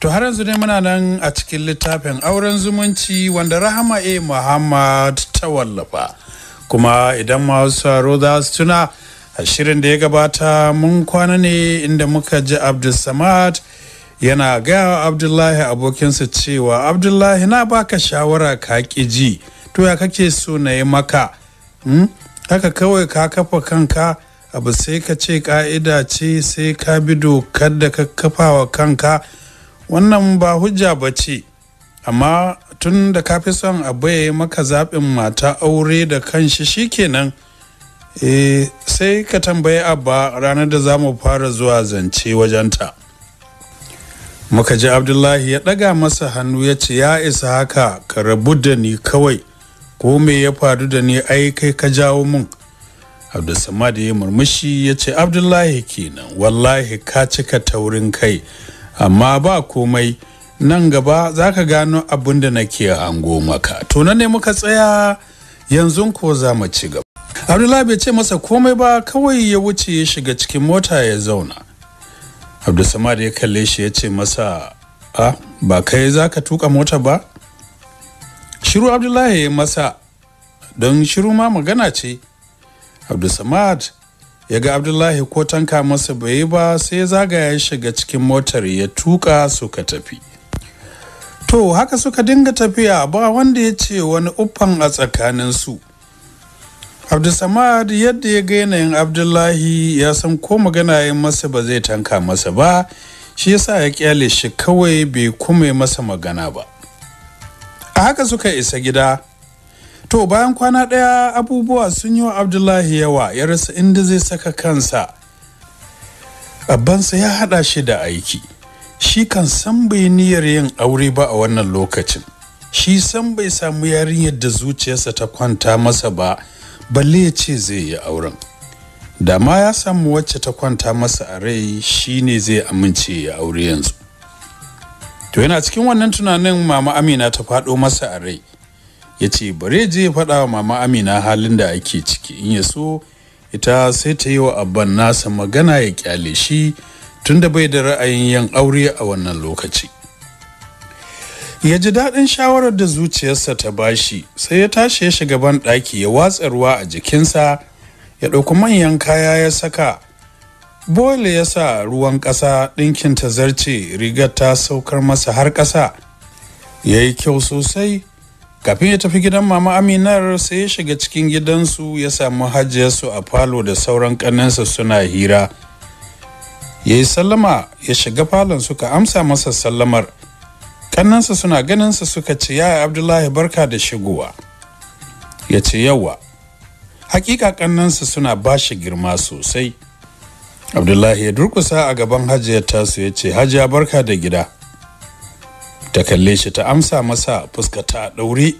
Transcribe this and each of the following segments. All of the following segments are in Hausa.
To har yanzu ne muna nan a cikin littafin auren zumunci wanda Rahama A. Muhammad ta wallafa. Kuma idan masu saro za su tuna a shirin da ya gabata mun kwana ne inda muka ji Abdulsamad yana gaya wa Abdullahi abokinsa cewa Abdullahi na baka shawara ka ki ji to ya kake so na yi maka. Hmm? Haka kawai ka kafa kanka abu sai ka ce ka'ida ce sai ka bi dokar da ka kafa wa kanka. wannan ba hujja ba ce amma tun da ka fi son abu ya maka zaɓin mata aure da kanshi shikenan e, eh, sai ka tambayi abba ranar da za mu fara zuwa zance wajenta muka ji abdullahi ya ɗaga masa hannu ya ce ya isa haka ka rabu da ni kawai ko me ya faru da ni ai kai ka jawo mun abdulsamad ya yi murmushi ya ce abdullahi kenan wallahi ka cika taurin kai amma ba komai nan gaba za ka gano abin da nake hango maka to ne muka tsaya yanzu ko za mu ci gaba abdullahi bai ce masa komai ba kawai ya wuce ya shiga cikin mota ya zauna abdulsamad ya kalle shi ya ce masa a ba kai za ka tuka mota ba shiru abdullahi ya yi masa don shiru ma magana ce abdulsamad ya ga abdullahi ko tanka masa bai ba sai zagaya ya shiga cikin motar ya tuka suka tafi to haka suka dinga tafiya ba wanda ya ce wani uffan a tsakanin tsakaninsu abdulsamad yadda ya ga yanayin abdullahi ya san ko magana ya masa ba zai tanka masa ba shi yasa ya kyale shi kawai bai kuma masa magana ba a haka suka isa gida To bayan kwana ɗaya abubuwa sun yi wa Abdullahi yawa ya rasa inda zai saka kansa. abansa ya haɗa shi da aiki. Shi kan san bai niyyar yin aure ba a wannan lokacin. Shi san bai samu yarin yadda zuciyarsa ta kwanta masa ba, balle ya ce zai yi auren. Da ma ya samu wacce ta kwanta masa a rai shi ne zai amince ya aure yanzu. To yana cikin wannan tunanin mama Amina ta faɗo masa a rai. ya ce bare je ya faɗa wa mama amina halin da ake ciki in ya so ita sai ta yi wa abban nasa magana ya kyale shi tunda bai da ra'ayin yan aure a wannan lokaci ya ji daɗin shawarar da zuciyarsa ta bashi sai ya tashi ya shiga ban ɗaki ya watsa ruwa a jikinsa ya ɗauki manyan kaya ya saka Bole ya sa ruwan ƙasa ɗinkin ta zarce rigar ta saukar masa har ƙasa ya yi kyau sosai kafin ya tafi gidan mama aminar sai ya shiga cikin gidansu ya samu hajiyarsu a falo da sauran ƙannensa suna hira ya yi sallama ya shiga falon suka amsa masa sallamar ƙannensa suna ganinsa suka ce ya abdullahi barka da shigowa ya ce yawa hakika ƙannensa suna ba shi girma sosai abdullahi ya durkusa a gaban hajiya tasu ya ce hajiya barka da gida ta kalle shi ta amsa masa fuska ta ɗaure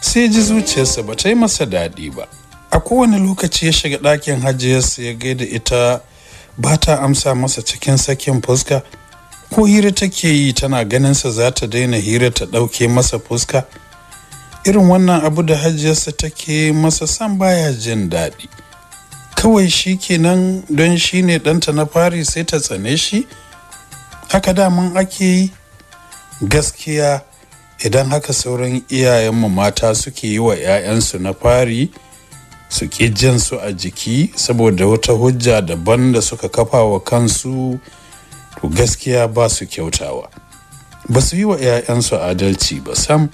sai ji zuciyarsa ba ta yi masa daɗi ba a kowane lokaci ya shiga ɗakin hajiyarsa ya gaida ita ba ta amsa masa cikin sakin fuska ko hira take yi tana ganinsa za ta daina hira ta ɗauke masa fuska irin wannan abu da hajiyarsa take masa san baya jin daɗi kawai shi kenan don shi ne ɗanta na fari sai ta tsane shi haka daman ake yi gaskiya idan haka sauran iyayenmu mata suke yi wa 'ya'yansu na fari su ƙi jin su a jiki saboda wata hujja daban da suka kafa wa kansu to gaskiya ba su kyautawa ba su yi wa 'ya'yansu adalci ba sam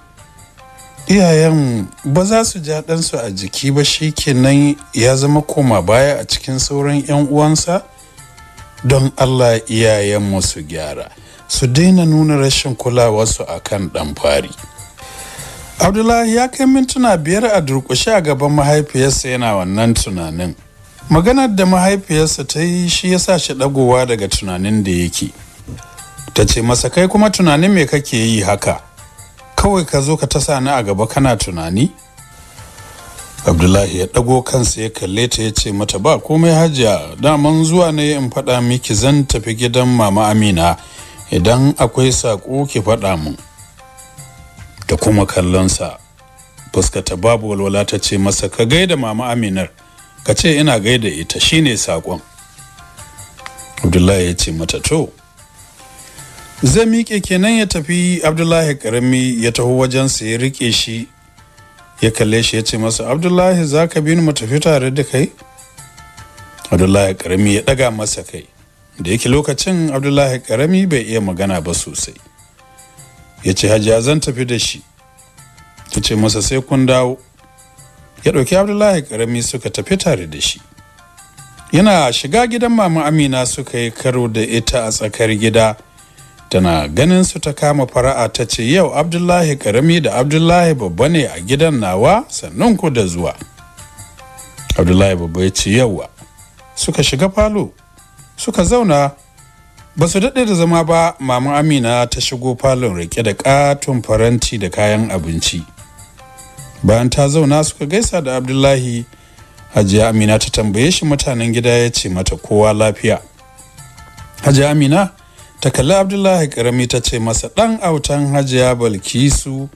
iyayen ba za su ja ɗansu a jiki ba shi kenan ya zama koma baya a cikin sauran 'yan uwansa don allah iyayenmu su gyara su daina nuna rashin kulawarsu a kan ɗan fari abdullahi ya kai mintuna biyar a durƙushe a gaban mahaifiyarsa yana wannan tunanin maganar da mahaifiyarsa ta yi shi ya sa shi ɗagowa daga tunanin da yake ta ce masa kai kuma tunanin me kake yi haka kawai ka zo ka ta sani a gaba kana tunani abdullahi ya ɗago kansa ya kalle ta ya ce mata ba komai hajiya daman zuwa ne in faɗa miki zan tafi gidan mama amina idan akwai saƙo ki faɗa mun da kuma kallon kallonsa fuskata babu walwala ta ce masa ka gaida mama aminar ka ce ina gaida ita shine sakon. abdullahi ya ce mata to zai miƙe kenan ya tafi abdullahi ƙarami ya taho wajensa ya riƙe shi ya kalle shi ya ce masa abdullahi za ka bi mu tafi tare da kai abdullahi ƙarami ya ɗaga masa kai da yake lokacin abdullahi karami bai iya magana ba sosai ya ce hajiya zan tafi da shi ta ce masa sai kun dawo ya ɗauki abdullahi karami suka tafi tare da shi yana shiga gidan mama amina suka yi karo da ita a tsakar gida tana ganin su ta kama fara'a ta ce yau abdullahi karami da abdullahi babba ne a gidan nawa sannan ku da zuwa abdullahi babba ya ce yawa suka shiga falo suka zauna ba su daɗe da zama ba maman amina ta shigo falon rike da katon faranti da kayan abinci bayan ta zauna suka gaisa da abdullahi hajiya amina ta tambaye shi mutanen gida ya ce mata kowa lafiya hajiya amina ta kalli abdullahi karami ta ce masa ɗan autan hajiya balkisu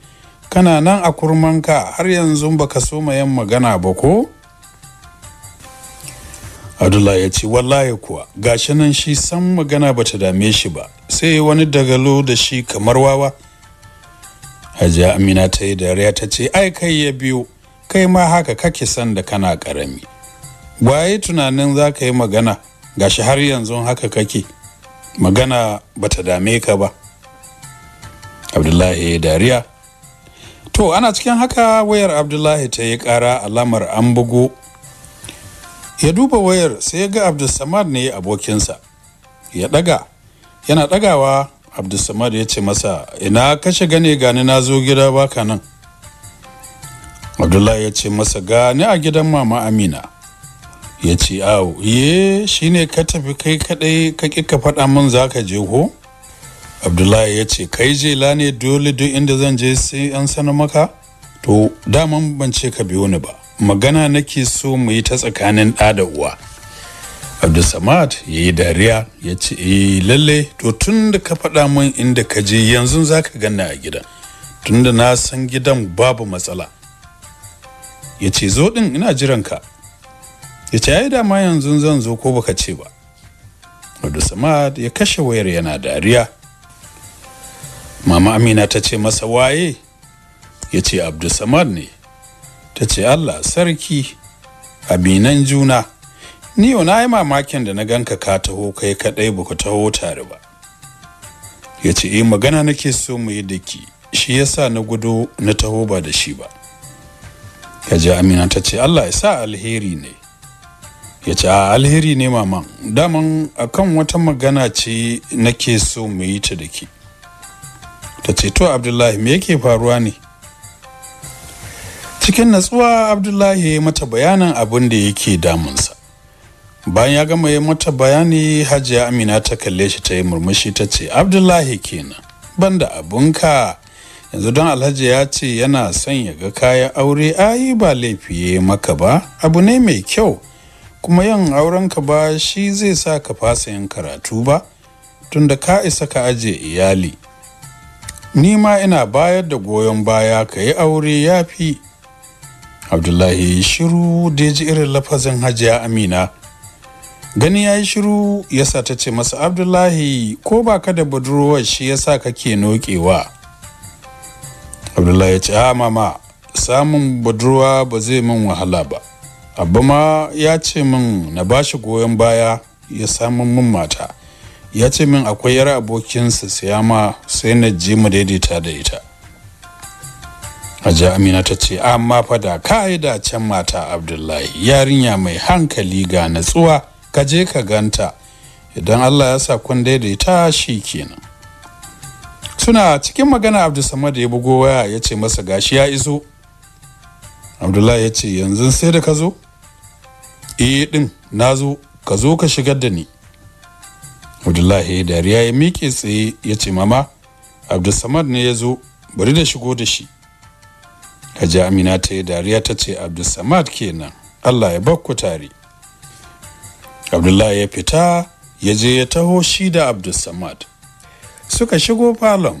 kana nan a kurmanka har yanzu ba ka so ma yan magana ba ko Abdullahi ya ce wallahi kuwa gashi nan shi san magana bata dame shi ba sai wani dagalo da shi kamar wawa Hajiya Amina ta yi dariya ta ce ai kai ya biyo kai ma haka kake san da kana karami waye tunanin za ka yi magana gashi har yanzu haka kake magana bata dame ka ba Abdullahi dariya to ana cikin haka wayar Abdullahi ta yi kara alamar an bugo ya duba wayar sai ya ga abdulsamad ne abokinsa ya daga yana dagawa abdulsamad ya ce masa ina kashe gane gani na zo gida baka nan abdullahi ya ce masa gani a gidan mama amina ya ce awo ye shine ka tafi kai kaɗai ka ƙi ka faɗa min za ka je ko abdullahi ya ce kai jela ne dole duk inda zan je sai an sanar maka to daman ban ce ka biyo ni ba magana nake so mu yi ta tsakanin ɗa da uwa abdulsamad ya yi dariya ya ce eh lalle to tunda ka faɗa min inda ka je yanzu za ka ganna a gidan tunda na san gidan babu matsala ya ce zo ɗin ina jiran ka ya ce ai dama yanzu zan zo ko baka ce ba abdulsamad ya kashe wayar yana dariya mama amina ta ce masa waye ya ce abdulsamad ne ta ce allah sarki aminan juna ni yau na yi mamakin da na ganka ka taho kai kaɗai ba ku taho tare ba ya ce eh magana nake so mu yi da ki shi yasa na gudu na taho ba da shi ba ya ji amina ta ce allah ya sa alheri ne ya ce a alheri ne maman daman akan wata magana ce nake so mu yi ta da ki. ta ce to abdullahi me yake faruwa ne cikin natsuwa abdullahi mata bayanin abin da yake damunsa bayan ya gama ya mata bayani hajiya amina ta kalle shi ta yi murmushi ta ce abdullahi kenan ban banda abunka yanzu don alhaji ya ce yana son ya ga kaya aure ayi ba laifi maka ba abu ne mai kyau kuma yin aurenka ba shi zai sa ka fasa yin karatu ba da ka isa ka aje iyali ni ma ina bayar da goyon baya ka yi aure ya fi abdullahi shiru da ya ji irin lafazin hajiya amina gani ya yi shiru ya sa ta ce masa abdullahi ko ba ka da budurwar shi ya sa ka ke nokewa abdullahi ya ce a ah, mama samun budurwa ba zai min wahala ba abu ma ya ce min na ba shi goyon baya ya samun min mata ya ce min akwai yar abokinsa siyama sai na je mu daidaita da ita Hajiya Amina ta ce amma fa da ka'ida can mata Abdullahi yarinya mai hankali ga natsuwa ka je ka ganta idan Allah ya sa kun daidaita shi kenan. Suna cikin magana Abdulsamad ya bugo waya ya ce masa gashi ya iso. Abdullahi ya ce yanzu sai da ka zo? Eh din na zo ka zo ka shigar da ni. Abdullahi dariya ya miƙe tsaye ya ce mama Abdulsamad ne ya zo bari da shigo da shi. hajji amina ta yi dariya ta ce abdulsamad kenan allah ya bakku tare abdullahi ya fita ya je ya taho shi da abdulsamad suka shigo falon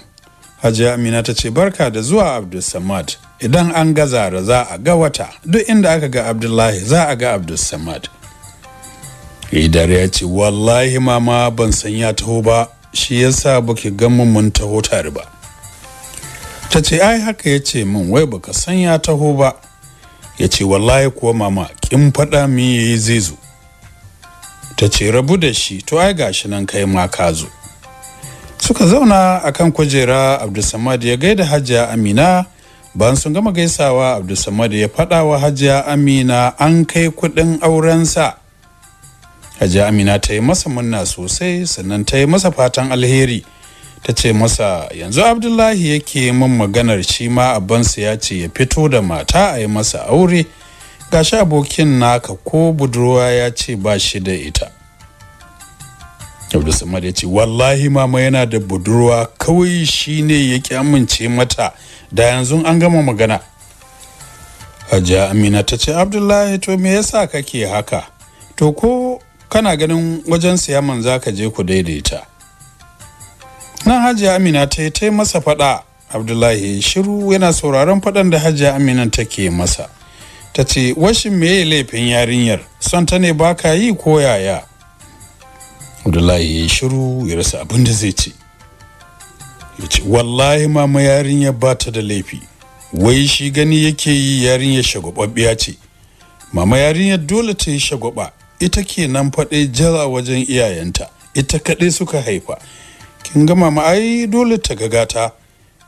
hajji amina ta ce barka da zuwa abdulsamad idan an ga zara za a ga wata duk inda aka ga abdullahi za a ga abdulsamad idar ya ce wallahi mama ban san ya taho ba shi yasa baki gan mun taho tare ba ta ce ai haka ya ce min wai baka san ya taho ba ya ce wallahi kuwa mama kin faɗa mi yayi zai zo ta ce rabu da shi to ai gashi nan kai ma ka zo suka zauna akan kujera abdulsamad ya gaida hajiya amina bayan sun gama gaisawa abdulsamad ya faɗa wa hajiya amina an kai kuɗin aurensa hajiya amina ta yi masa munna sosai sannan ta yi masa fatan alheri ta ce masa yanzu abdullahi yake min maganar shi ma abansa ya ce ya fito da mata a yi masa aure gashi abokin naka ko budurwa ya ce ba shi da ita Abdullahi ma ya ce wallahi mama yana da budurwa kawai shi ne ya amince mata da yanzu an gama magana hajiya amina ta ce abdullahi to me yasa kake haka to ko kana ganin wajen siyaman za ka je ku daidaita na hajiya amina ta yi masa faɗa abdullahi shiru yana sauraron faɗan da hajiya amina take masa ta ce washin meye laifin yarinyar son ta ne baka yi ko yaya abdullahi shiru ya rasa abin da zai ce ya ce wallahi mama yarinyar ba ta da laifi wai shi gani yake yi yarinyar shagwababbiya ce mama yarinyar dole ta yi shagwaba ita ke nan faɗe jala wajen iyayenta ita kaɗai suka haifa kin gama mama ai dole ta ga gata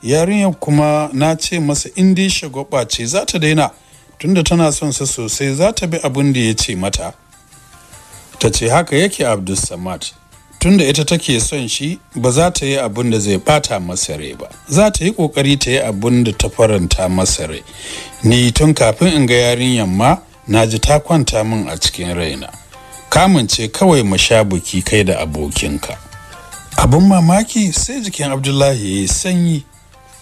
yarinyar kuma na ce masa in dai shagwaba ce za ta daina tunda tana son sa sosai za ta bi abin da ya ce mata ta ce haka yake abdulsamad tunda ita take son shi ba za ta yi abin da zai bata masa rai ba za ta yi kokari ta yi abin da ta faranta masa rai ni tun kafin in ga yarinyar ma na ji ta kwanta min a cikin raina Kamun ce kawai mu sha buki kai da abokinka abin mamaki sai jikin abdullahi ya sanyi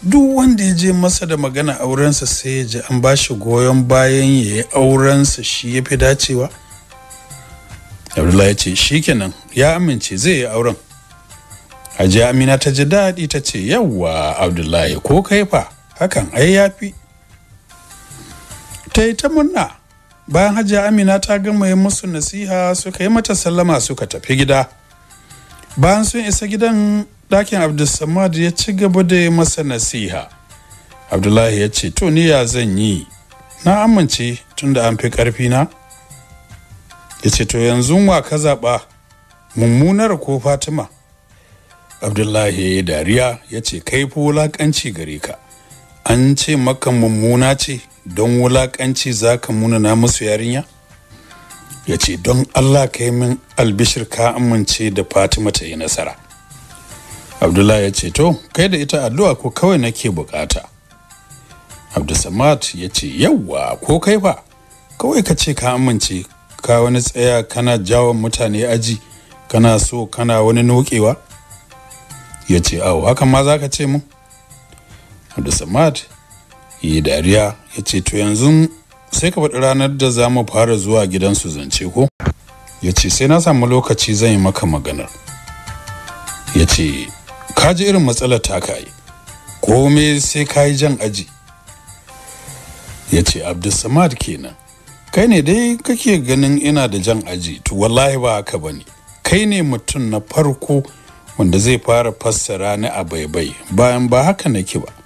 duk wanda ya je masa da magana aurensa sai ya ji an ba shi goyon bayan ya yi aurensa shi ya fi dacewa abdullahi ya ce kenan ya amince zai yi auren hajiya amina ta ji daɗi ta ce yawwa abdullahi ko kai fa hakan ai ya fi ta yi ta murna bayan hajji amina ta gama yi musu nasiha suka yi mata sallama suka tafi gida bayan sun isa gidan ɗakin abdulsamad ya ci gaba da masa nasiha abdullahi ya ce to ni ya zan yi na amince tunda an fi ƙarfi na ya ce to yanzu wa ka zaɓa mummunar ko fatima abdullahi ya yi dariya ya ce kai fi wulaƙanci gare ka an ce maka mummuna ce don wulaƙanci za ka munana musu yarinya ya ce don allah ka yi min albishir ka amince da fatima ta yi nasara abdullahi ya ce to kai da ita addu'a ko kawai nake bukata abdulsamad ya ce yawa ko kai ba kawai ka ce ka amince ka wani tsaya kana jawon mutane aji kana so kana wani nokewa ya ce awo haka ma za ka ce mu abdulsamad yi dariya ya ce to yanzu sai ka faɗi ranar da za mu fara zuwa gidansu zance ko ya ce sai na samu lokaci zan yi maka maganar ya ce ka ji irin matsalar ta ka yi kome sai ka yi jan aji ya ce abdulsamad kenan kai ne dai kake ganin ina da jan aji to wallahi ba haka ba ne kai ne mutum na farko wanda zai fara fassara ni a baibai bayan ba haka nake ba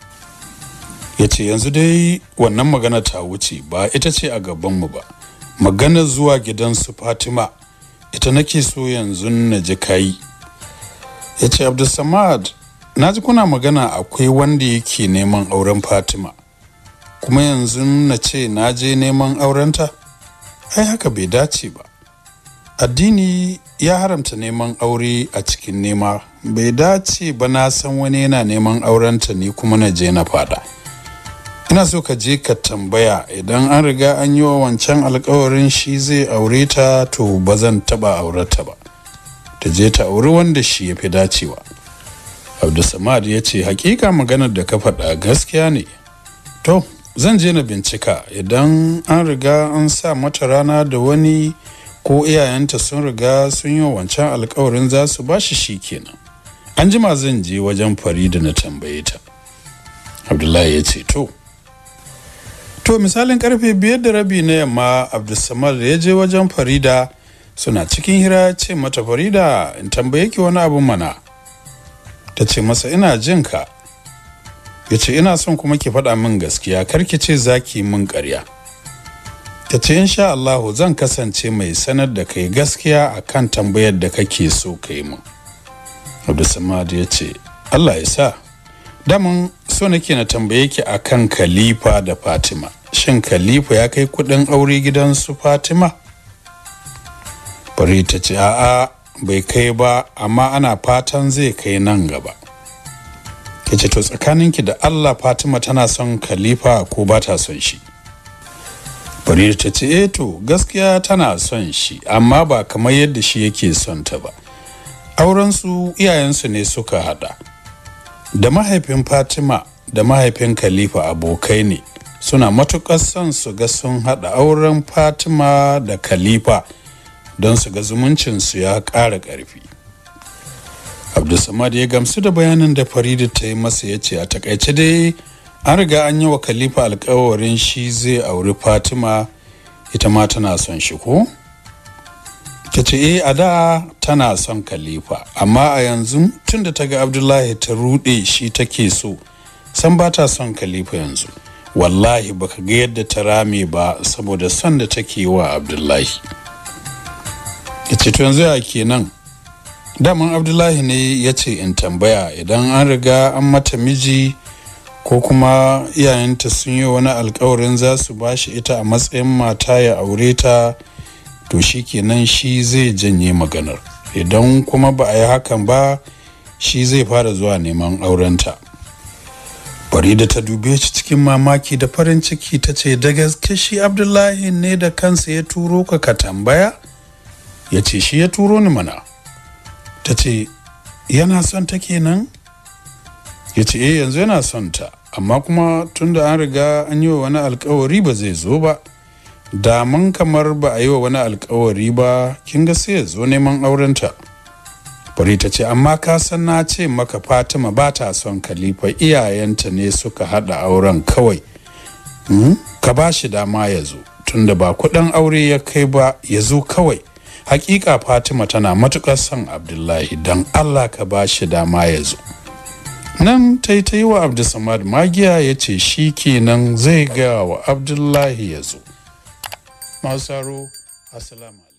yace yanzu dai wannan magana ta wuce ba ita ce a gabanmu ba magana zuwa gidan su fatima ita nake so yanzu na ji kayi ya ce abdulsamad na ji kuna magana akwai wanda yake neman auren fatima kuma yanzu na ce na je neman aurenta ai haka bai dace ba addini ya haramta neman aure a cikin nema bai dace ba na san wani yana neman aurenta ni kuma na je na fada ina so ka je ka tambaya idan an riga an yi wa wancan alkawarin shi zai aure ta to ba zan taba aurata ba ta je ta auri wanda shi ya fi dacewa abdulsamad ya ce hakika maganar da ka faɗa gaskiya ne to zan je na bincika idan an riga an sa mata rana da wani ko iyayenta sun riga sun yi wancan alkawarin za su ba shi shi kenan an jima zan je wajen farida na tambaye ta abdullahi ya ce to to misalin karfe biyar da rabi na yamma abdulsamad ya je wajen farida suna cikin hira ce mata farida in tambaye ki wani abin mana ta ce masa ina jin ka ya ce ina son kuma ki faɗa min gaskiya kar ki ce za ki min ƙarya ta ce insha Allahu zan kasance mai sanar da kai gaskiya a kan tambayar da kake so ka yi min Abdulsamad ya ce Allah ya sa damun so nake na tambaye ki akan khalifa da fatima shin khalifa ya kai kudin aure gidan su fatima bari ta ce a'a bai kai ba amma ana fatan zai kai nan gaba kace ce to ki da allah fatima tana son khalifa ko ba ta son shi bari ta ce eh to gaskiya tana son shi amma ba kamar yadda shi yake son ta ba Auren aurensu iyayensu ne suka hada da mahaifin fatima da mahaifin khalifa abokai ne suna matuƙar son su ga sun haɗa auren fatima da khalifa don su ga zumuncinsu ya ƙara ƙarfi abdulsamad ya gamsu da bayanin da farida ta yi masa ya ce a takaice dai an riga an yi wa khalifa alkawarin shi zai auri fatima ita ma tana son shi ko ta ce e a da tana son khalifa amma a yanzu tun da ta ga abdullahi ta rude shi take so san ba ta son khalifa yanzu wallahi baka ga yadda ta rame ba saboda son da take wa abdullahi ya ce to yanzu ya kenan daman abdullahi ne ya ce in tambaya idan an riga an mata miji ko kuma iyayenta sun yi wani alkawarin za su ba shi ita a matsayin mata ya aure ta to shi kenan shi zai janye maganar idan kuma ba a yi hakan ba shi zai fara zuwa neman aurenta da ta dube shi cikin mamaki da farin ciki ta ce da gaske shi abdullahi ne da kansa ya turo ka ka tambaya ya ce shi ya turo ni mana ta ce yana son ta kenan ya ce eh, yanzu yana son ta amma kuma tunda an riga an yi wa wani alkawari ba zai zo ba da mun kamar ba a yi wa wani alkawari ba kin ga sai ya zo neman aurenta fari ta ce amma ka san na ce maka fatima ba ta son kalifa iyayenta ne suka hada auren kawai hmm? ka ba shi dama ya zo tunda ba kuɗin aure ya kai ba ya zo kawai hakika fatima tana matukar son abdullahi don allah ka ba shi dama ya zo nan ta yi wa abdulsamad magiya ya ce shi kenan zai gaya wa abdullahi ya zo masu tsaro assalamu